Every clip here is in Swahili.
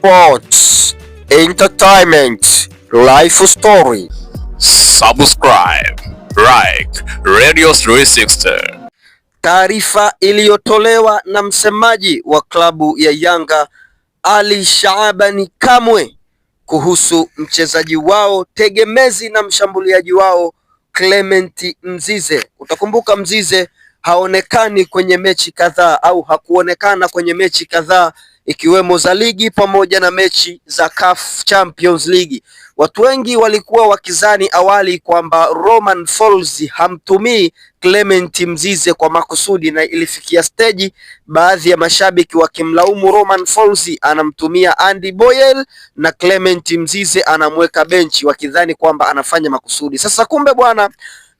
sports, entertainment, life story. Subscribe, like Radio 360. Taarifa iliyotolewa na msemaji wa klabu ya Yanga Ali Shaabani Kamwe kuhusu mchezaji wao tegemezi na mshambuliaji wao Clement Mzize. Utakumbuka Mzize haonekani kwenye mechi kadhaa au hakuonekana kwenye mechi kadhaa ikiwemo za ligi pamoja na mechi za CAF Champions League. Watu wengi walikuwa wakizani awali kwamba Romain Folz hamtumii Clement Mzize kwa makusudi, na ilifikia steji baadhi ya mashabiki wakimlaumu Romain Folz anamtumia Andy Boyel na Clement Mzize anamweka benchi, wakidhani kwamba anafanya makusudi. Sasa kumbe bwana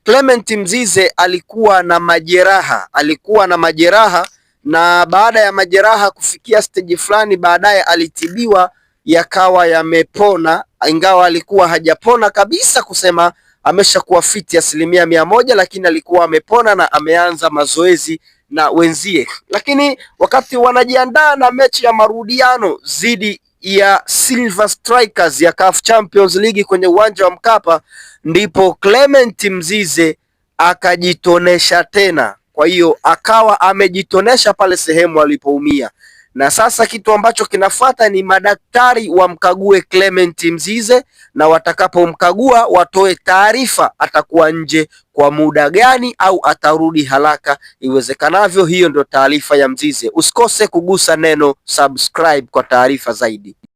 Clement Mzize alikuwa na majeraha, alikuwa na majeraha na baada ya majeraha kufikia stage fulani, baadaye alitibiwa yakawa yamepona, ingawa alikuwa hajapona kabisa kusema ameshakuwa fiti asilimia mia moja, lakini alikuwa amepona na ameanza mazoezi na wenzie. Lakini wakati wanajiandaa na mechi ya marudiano dhidi ya Silver Strikers ya CAF Champions League kwenye uwanja wa Mkapa, ndipo Clement Mzize akajitonesha tena. Kwa hiyo akawa amejitonesha pale sehemu alipoumia, na sasa kitu ambacho kinafuata ni madaktari wamkague Clement Mzize, na watakapomkagua watoe taarifa atakuwa nje kwa muda gani au atarudi haraka iwezekanavyo. Hiyo ndio taarifa ya Mzize. Usikose kugusa neno subscribe kwa taarifa zaidi.